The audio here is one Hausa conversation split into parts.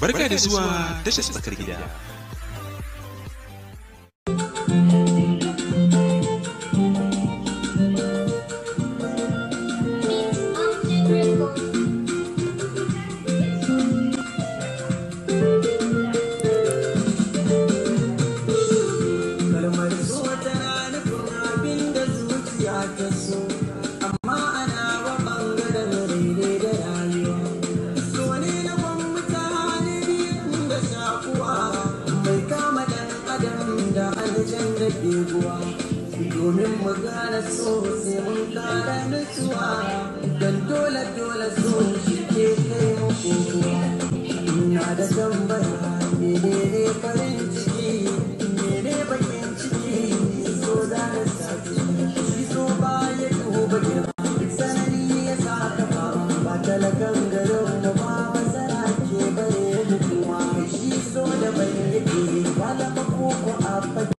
Mereka ada suara desa Takrida. Kalmar ɗebuwa domin mu gane so sai mun kara nutsuwa don dole dole so shi ke kai mu ina da tambaya menene farin ciki menene bakin ciki so za na sati shi so ba ya duba girma sanani ya sa ka ba ba talakan garin mu ba masara ke bare mu kuma shi so da bai yake ba da makoko a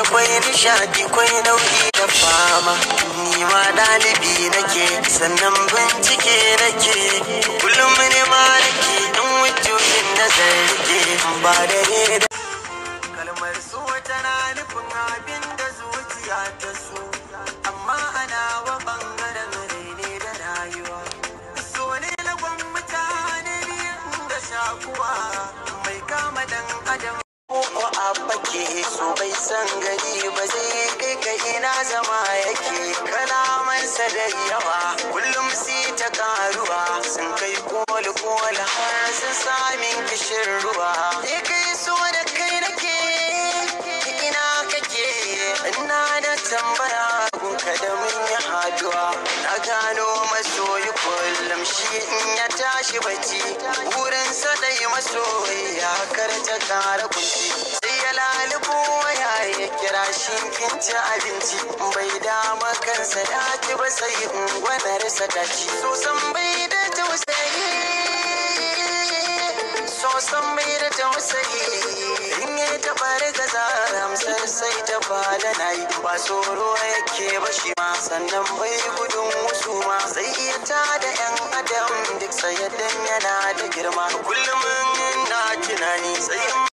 akwai kwai nishadi kwai nau'i da fama ni ma ɗalibi nake sannan bincike nake kullum ne ma nake in wujudin nazarike ba da da kalmar wata tana nufin abin da zuciya ta so amma ana wa bangaren ne da rayuwa so ne na gwamnati ne da shakuwa mai kama dan adam fake so bai san gari ba zai kai ka ina zama yake kalamansa da yawa kullum sai ta karuwa sun kai koli koli har sun samin kishin ruwa kai so da kai nake ina kake ina da tambara gunka da mun yi haduwa na gano masoyi kullum shi in ya tashi bacci wurin sadai masoyi ya karta kara kunci lalubo waya ya kira shi kinci abinci bai dama kansa da ki ba sai in gwanar ta ci sosan bai da tausayi sosan bai da tausayi in ya taɓa riga zaramsar sai ta fada na yi ba tsoro yake ba shi ma sannan bai gudun musu ma sai iya da yan adam duk sayadan yana da girma kullum na tunani sai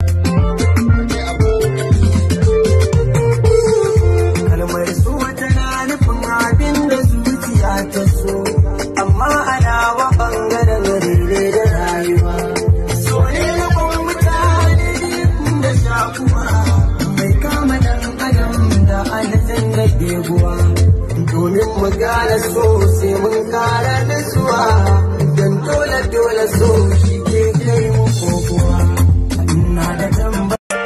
domin mu gane so sai mun kara nutsuwa don dole dole so shi ke kai mu kokowa ina da tambaya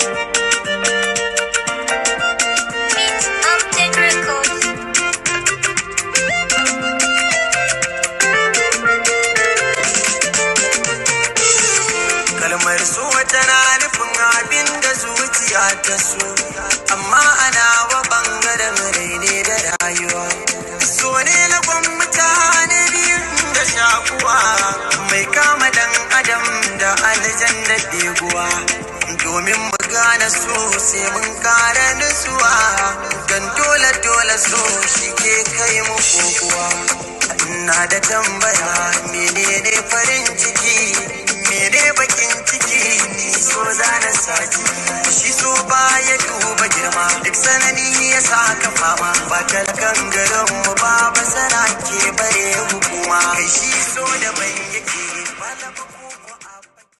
kalmar su wata na rayuwa so ne na ban mutane biyu da shakuwa mai kama dan adam da aljan da deguwa domin mu gane su sai mun kare nutsuwa don dole dole so shi ke kai mu kokuwa ina da tambaya menene farin ciki kal gangaren mu babu sana ke bare hukuma kai shi so da ban yake